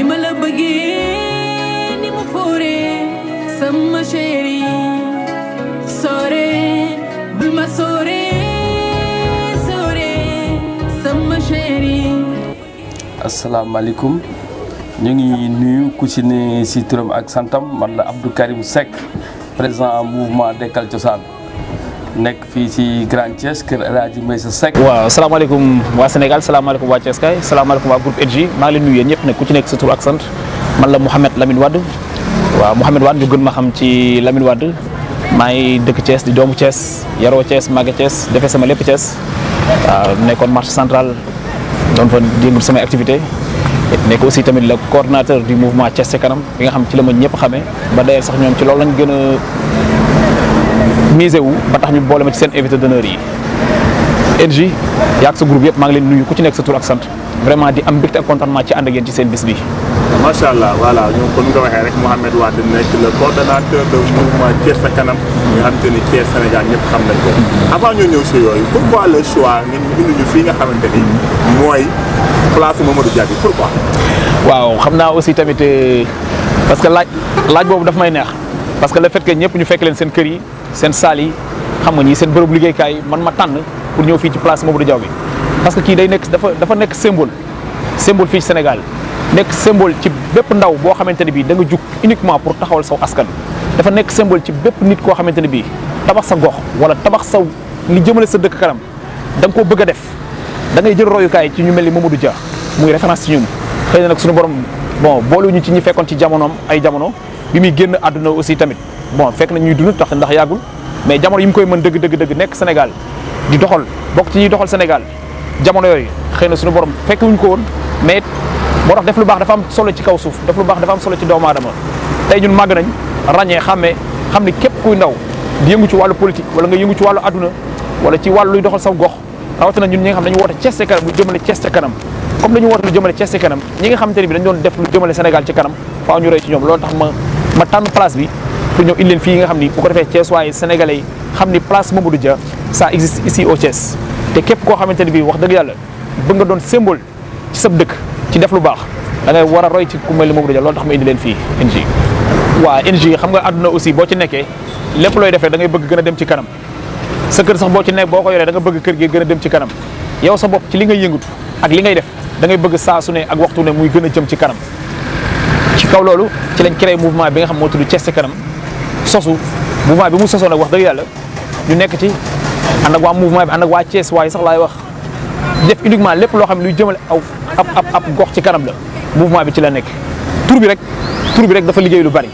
ni ma la bëggee ni ma fooree sama chéri sooree bul ma sooree sooree sama chéri. asalaamaaleykum ñu ngi nuyu ku ci ne si turam ak santam man la Abdou Karim Seck président mouvement Dekkal Cosaan. Nek fi ci Grand Thiès kër El Hadj wa assalamu alaykum wa Senegal, assalamu alaykum wa Thiès kay alaykum wa groupe EDJ ma ngi nuyu ñepp nek ku ci nek sa tour ak sant man la mohammed Lamine wad wa mohammed wad ñu gën ma xam ci Lamine wad may dekk Thiès di doomu Thiès yaro Thiès màgge Thiès defé sama lepp Thiès waaw marché central don fa yëngu sama activité nek aussi tamit le coordinateur du mouvement Thiès kanam bi nga xam ci lama ñepp xamé ba dayer sax ñom ci loolu lañu gëna misé wu ba tax ñu boole ma ci seen invité d'honneur yi NJ yaag sa groupe yëpp maa ngi leen nuyu ku ci nekk sa tur ak sant vraiment di am mbégte ak contentement ci ànd ak ci seen bis bi. macha allah voilà ñu kon nga waxee rek Mouhamed Wade nekk le coordonnateur sa kanam nga xam te ni Sénégal ñëpp xam nañ ko avant ñoo ñëw si yooyu pourquoi le choix ngeen indi ñu fii nga xamante ni mooy place Mamadou Dia bi pourquoi. waaw xam naa aussi tamit euh, parce que laaj laaj boobu daf may neex parce que le fait que ñu fekk leen seen kër yi. seen saal yi xam nga ñi seen bërëb liggéeykaay man ma tànn pour ñëw fii ci place Mamadou Diaw bi parce que kii day nekk dafa dafa nekk symbole symbole fii Sénégal nekk symbole ci bépp ndaw boo xamante ne bii da nga jug uniquement pour taxawal saw askan dafa nekk symbole ci bépp nit koo xamante ne bii tabax sa gox wala tabax saw li jëmale sa dëkk kanam da koo bëgg a def da ngay jël royukaay ci ñu mel ni moom du Dia muy référence ci ñun xëy na nag suñu borom bon boolu ñu ci ñi fekkoon ci jamonoom ay jamono bi muy génn àdduna aussi tamit bon fekk nañ ñuy dund tax ndax yàggul mais jamono yi mu koy mën dëgg dëgg dëgg nekk Sénégal di doxal bokk ci ñuy doxal Sénégal jamono yooyu xëy na suñu borom fekk wuñ ko woon mais moo tax def lu baax am solo ci kaw suuf def lu baax dafa am solo ci doomu aadama tey ñun màgg nañ ràññee xàmmee xam ni képp kuy ndaw di yëngu ci wàllu politique wala nga yëngu ci wàllu adduna wala ci wàllu luy doxal sa gox rawatina ñun ñi nga xam dañu woote Thiès ca kanam lu jëmale Thiès ca kanam comme dañu woote lu jëmale Thiès ne bi dañ doon def lu jëmale ci kanam faaw ñu rey ci ñoom loolu tax ma tànn place bi pour ñëw indi leen fii nga xam ni bu ko defee Thiès waaye sénégalais yi xam ni place Mamadou ja ça existe ici au Thiès te képp koo xamante ne bii wax dëgg yàlla bëgg nga doon symbole ci sab dëkk ci def lu baax da ngay war a roy ci ku mel ni Mamadou Dia loolu tax ma indi leen fii NJ waaw NJ xam nga àdduna aussi boo ci nekkee lépp looy defee dangay ngay bëgg gën a dem ci kanam sa kër sax boo ci nekk boo ko yoree da nga bëgg kër gi gën a dem ci kanam yow sa bopp ci li ngay yëngatu ak li ngay def da bëgg saa ne ak waxtu ne muy gën a jëm ci kanam ci kaw loolu ci lañ créé mouvement bi nga xam moo tudd Thiès ca kanam sosu mouvement bi mu soso nak wax deug yalla ñu nekk ci and ak wa mouvement bi and ak wa Thiès way sax lay wax def uniquement lepp lo xamni ne luy jëmale aw ap ap ap gox ci kanam la mouvement bi ci la nekk tour bi rek tour bi rek dafa liggéey lu bari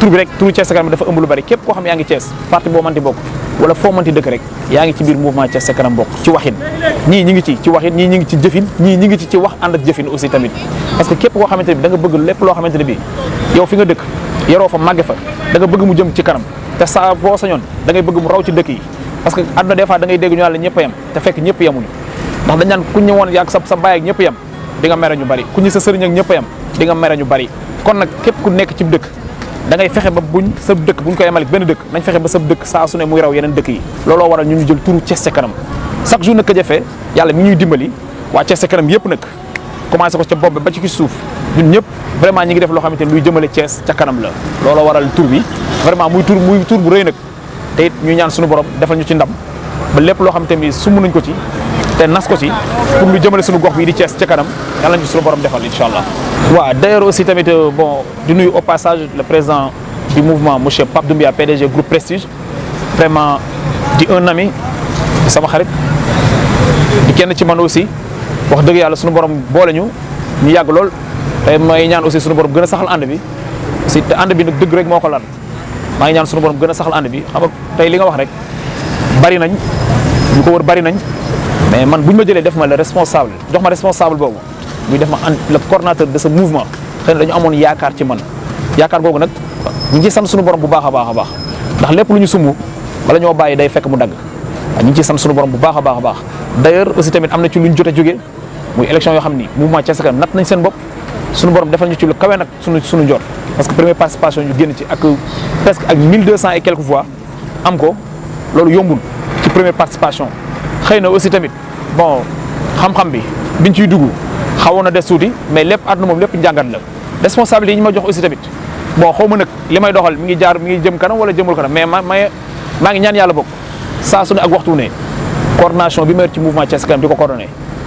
tour bi rek tour Thiès kanam dafa ëmb lu bari képp ko xam yaangi ngi Thiès parti boo mënti bok wala foo mënti dëkk rek yaangi ci biir mouvement Thiès kanam bok ci waxin ni ñi ngi ci ci waxin ni ñi ngi ci jëfin ñii ñi ngi ci ci wax and ak jëfin aussi tamit parce que képp ko xamante da nga bëgg lepp lo xamante bi yow fi nga dëkk yaroo fa màgge fa da nga bëgg mu jëm ci kanam te saa boo sañoon da ngay bëgg mu raw ci dëkk yi parce que àdduna des fois da ngay dégg ñu naan la ñëpp a te fekk ñëpp yemuñu ndax dañ naan ku ñu woon yàgg sa sa baay ak ñëpp yem di nga mere ñu bari ku ñu sa sëriñ ak ñëpp yem di nga ñu bari kon nag képp ku nekk ci dëkk dangay fexe ba buñ sa dëkk buñ koy yemale benn dëkk nañ fexe ba sa dëkk saa su ne muy raw yeneen dëkk yi looloo waral ñu ñu jël turu Thiès ca kanam chaque jour nag ka jafe yàlla mi ñuy dimbali waa Thiès ca kanam yëpp nag commencé ko ci bopp ba ci souf ñun ñep vraiment ñi ngi def lo xamante ni luy jëmele Thiès ci kanam la looloo waral tour bi vraiment muy tour muy tour bu reuy nak té it ñu ñaan suñu borom defal ñu ci ndam ba lépp lo xamante mi sumb nañ ko ci té nas ko ci pour lu jëmele suñu gox bi di Thiès ci kanam yalla ñu suñu borom defal inshallah wa d'ailleurs aussi tamit euh, bon di nuyu au passage le président du mouvement monsieur Pape Doumbia PDG groupe Prestige vraiment di un ami sama xarit di kenn ci man aussi. wax dëgg yàlla suñu borom boole ñu ñu yàgg lool tey may ñaan aussi suñu borom gën a saxal ànd bi aussi ànd bi nag dëgg rek moo ko lan maa ngi suñu borom gën a saxal ànd bi xam tey li nga wax rek bari nañ ñu ko wër bari nañ mais man buñ ma jëlee def ma le responsable jox ma responsable boobu muy def ma le coordonnateur de ce mouvement xëy dañu amoon yaakaar ci man yaakaar googu nag ñu ngi ciy suñu borom bu baax a baax a baax ndax lépp lu ñu sumb bala ñoo bàyyi day fekk mu dagg ñu ngi ciy sant suñu bu baax a baax a baax d'ailleurs aussi tamit am na ci luñ jot a jóge muy élection yoo xam ni mouvement Thiès Kanam natt nañ seen bopp suñu borom defal ñu ci lu kawe nag suñu suñu jot parce que première participation ñu génn ci ak presque ak mille deux cent et quelques voix ko loolu yombul ci première xëy na aussi tamit bon xam-xam bi biñ ciy dugg xawoon na des tuuti mais lépp na moom lépp njàngat la responsabilité yi ñu ma jox aussi tamit bon xaw ma nag li may doxal mi ngi jaar mi ngi jëm kanam wala jëmul kanam mais ma maa ngi ñaan yàlla bokk saa su ne ak waxtu ne coordination bi ma yor ci mouvement Thiès Kanam di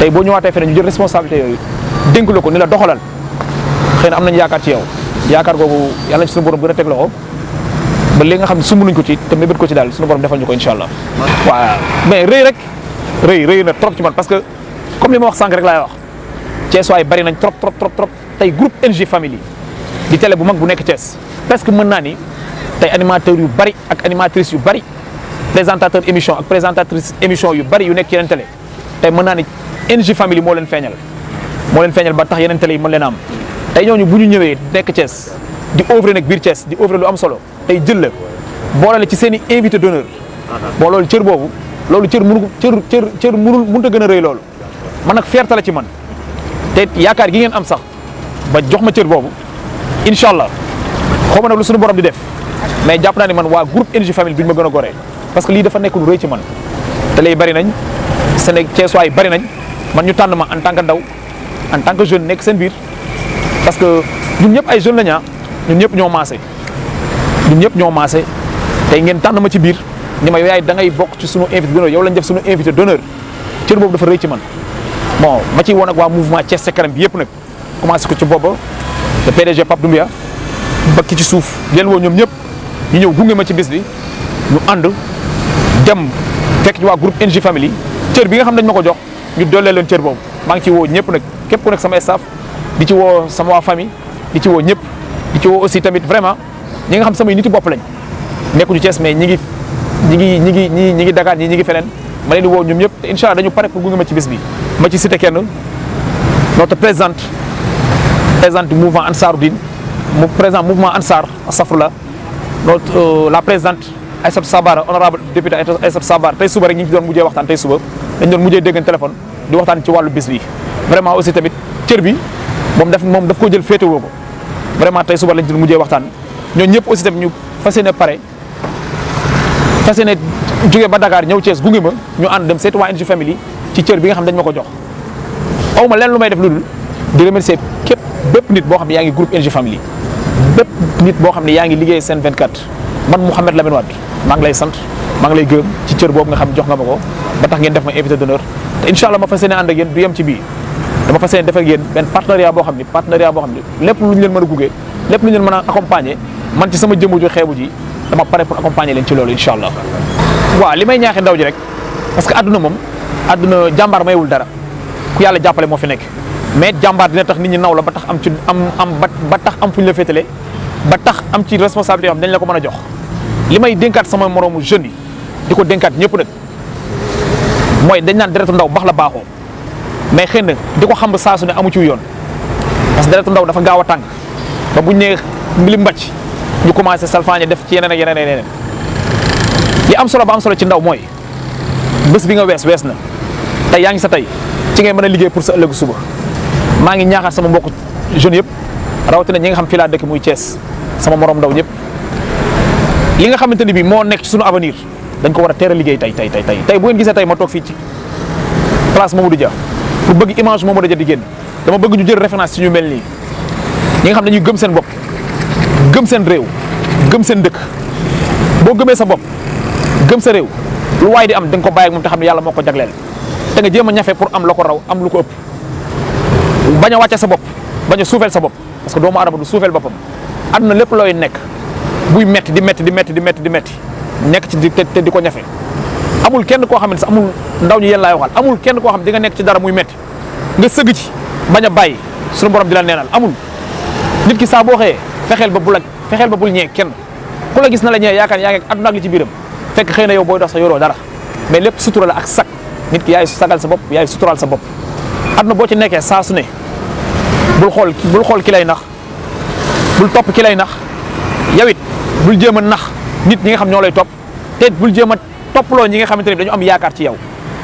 tey boo ñëwaatee feneen ñu jël responsabilité yooyu dénk la ko ni la doxalal xëy na am nañu yaakaar ci yow yaakaar googu yàlla ci suñu borom gën a teg loxo ba léegi nga xam ne sumb ko ci te mébét ko ci daal suñu borom defal ñu ko incha allah. waaw mais rëy rek rëy rëy na trop ci man parce que comme li ma wax sànq rek laay wax Thiès waay bari nañ trop trop trop trop tey groupe NG Family di télé bu mag bu nekk Thiès parce que mën naa ni tey animateurs yu bari ak animatrices yu bari présentateur émission ak présentatrice émission yu bari yu nekk yeneen télé tey mën naa ni NJ Family moo leen feeñal moo leen feeñal ba tax yeneen télé yi mën leen am tey ñooñu bu ñu ñëwee nekk cees di oeuvre nag biir cees di oeuvre lu am solo tey jël la boole ci seen i invité d'honneur boo loolu cër boobu loolu cër mënu cër cër cër mënul mënut a gën a rëy loolu man nag fierté la ci man te yaakaar gi ngeen am sax ba jox ma cër boobu incha allah xaw nag lu suñu borom di def mais jàpp naa ne man waa groupe NJ Family duñ ma gën a gore parce que lii dafa nekk lu rëy ci man te lay bari nañ Sénégal Thiès waay bari nañ man ñu tànn ma en tant que ndaw en tant que jeune nekk seen biir parce que ñun ñëpp ay jeunes la ah, ñaa ñëpp ñoo maase ñun ñëpp ñoo maase tey ngeen tànn ma ci biir ni ma yaay da ngay bokk ci sunu invité d'honneur yow lañ def sunu invité d'honneur cër boobu dafa rëy ci man bon ma ciy woon ak waa mouvement Thiès sa kanam bi yëpp nag commencé ko ci booba le PDG Pape Doumbia ba ci suuf leen woo ñoom ñëpp ñu ñëw gunge ma ci bis bi ñu ànd dem fekk ci waa groupe NJ Family cër bi nga xam nañ ma ko jox ñu dollee leen cër boobu maa ngi ci woo ñëpp nag képp ku nekk sama staff di ci woo sama waa famille di ci woo ñëpp di ci woo aussi tamit vraiment ñi nga xam samay niti bopp lañ nekkuñu Thiès mais ñi ngi ñi ngi ñi ngi ñi ñi ngi Dakar ñi ñi ngi feneen ma leen di woo ñoom ñëpp te incha allah dañu pare pour gunge ma ci bis bi ma ci cité kenn notre présidente présidente mouvement Ansaroudine mu président mouvement Ansar Safrula notre euh, la présidente Aissat Sabar honorable député Aissat Sabar tay suba rek ñu ci doon mujjé waxtaan tay suba dañ doon mujjé déggan téléphone di waxtaan ci walu bis bi vraiment aussi tamit cër bi mom daf mom daf ko jël fété woko vraiment tay suba lañ doon mujjé waxtaan ñoo ñëpp aussi tamit ñu fas paré pare fas ba Dakar ñëw Thiès gunge ma ñu and dem sét waa NG Family ci cër bi nga xam dañ mako jox awma lén lu may def lul di remercier képp bép nit bo xam ne yaa groupe NG Family bép nit bo xam ni yaa ngi liggéey sen 24 man Mouhamed Lamine Wade maa ngi lay sant maa ngi lay gërëm ci cër boobu nga xam jox nga ma ko ba tax ngeen def ma invité d'honneur te incha allah ma fas yéene ànd ak yéen du yem ci bii dama fas yéene def benn partenariat boo xam ni partenariat boo xam ni lépp lu ñu leen mën a gugee lépp lu ñu leen mën a accompagner man ci sama jëmm ju ji dama pare pour accompagner leen ci loolu incha allah waaw li may ñaaxee ndaw ji rek parce que adduna moom àdduna jàmbaar maywul dara ku jàppale moo fi nekk mais jàmbaar dina tax nit ñi naw la ba tax am ci am am ba tax am fu la féetale ba tax am ci responsabilité dañ la ko mën a jox limay denkat sama moromu jeune yi diko denkat ñepp nak moy dañ nan deretu ndaw bax la baxo mais xënd diko xam sa su ne amu ci yoon parce que deretu ndaw dafa gawa tang ba bu ñe mbili mbacc ñu commencé salfañe def ci yeneen ak yeneen yeneen yi am solo ba am solo ci ndaw moy bëss bi nga wess wess na tay yaangi sa tay ci ngay mëna liggéey pour sa ëllëg suba ma ngi ñaaxal sama mbokk jeune yépp rawati na ñi nga xam fi la dëkk muy Thiès sama morom ndaw ñépp li nga xamanteni bi mo nek ci suñu avenir dañ ko wara téré liggéey tay tay tay tay tay bu ngeen gisé tay ma tok fi ci place Mamadou Dia pour bëgg image Mamadou Dia di génn dama bëgg ñu jël référence ci ñu melni ni ñi nga xam dañuy gëm seen bop gëm seen réew gëm seen dëkk bo gëmé sa bop gëm sa réew lu way di am dañ ko bay ak mom te xamni yalla moko jaglél té nga jëma ñafé pour am lako raw am lu ko ëpp baña a sa bop baña a sa bop parce que doomu aadama du suufeel boppam àdduna lépp looy nekk buy metti di metti di metti di metti di metti nekk ci di te di ko ñafee amul kenn koo xam ne amul ndaw ñi yéen laay amul kenn koo xam ne di nga nekk ci dara muy metti nga sëgg ci bañ a bàyyi suñu borom di la neenal amul nit ki saa boo xëyee fexeel ba bul ak fexeel ba bul ñee kenn ku la na la ñee yaakaar yaa ngi àdduna ak ci biiram fekk xëy na yow booy dox sa yoroo dara mais lépp sutura la ak sag nit ki yaay sagal sa bopp yaay suturaal sa bopp àdduna boo ci nekkee saa su ne bul xool bul xool ki lay nax bul topp ki lay nax yawit bul jema nax nit ñi nga xam ñoo lay topp te bul jema top lo ñi nga xamante ne dañu am yaakar ci yow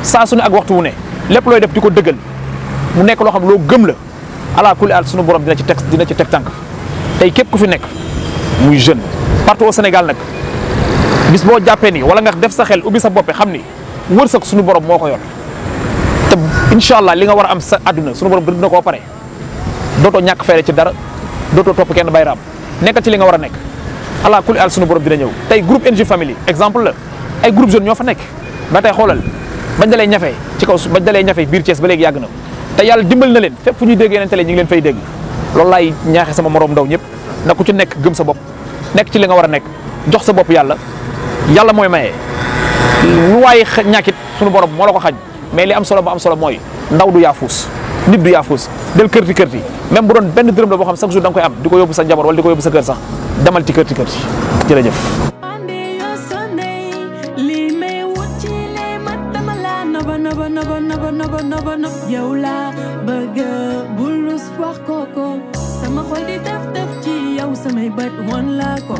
sa suñu ak waxtu wu ne lepp loy def diko ko mu nekk lo xam lo gem la ala kulli al suñu borom dina ci tek dina ci tek tank tay kep ku fi nekk muy jeune partout au senegal nak bis bo jappé ni wala nga def sa xel ubi sa bopé xam ni wërsëg borom moko ko te inshallah li nga wara am sa aduna suñu borom bind na koo pare dootoo ñàkk feere ci dara doto top kenn bayram nekk ci li nga wara nekk xalaa kuli al sunu borom dina ñëw tey groupe NG Family exemple la ay groupe jeune ñoo fa nekk ba tey xoolal bañ dalee ñafe ci kaw bañ dalee ñafe biir Thiès ba léegi yàgg na te yàlla dimbal na leen fépp fu ñuy dégg yeneen télé ñu ngi leen fay dégg loolu laay ñaaxe sama morom ndaw ñëpp na ku ci nekk gëm sa bopp nekk ci li nga war a nekk jox sa bopp yàlla yàlla mooy maye lu waaye ñàkkit sunu borom moo la ko xañ mais li am solo ba am solo mooy ndaw du yaafuus nit du yaafuus del kërti kërti même bu doon ko yóbbu sa njaboot wala ko sa kër sax demal ci kër ci kër ci jërëjëf. yow laa bëgg bul rus wax kooko xol di taf taf ci yow samay bët woon laa ko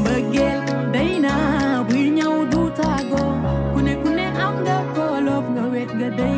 mbëggeel day naa buy du taago ku ne am nga ko loof nga wet nga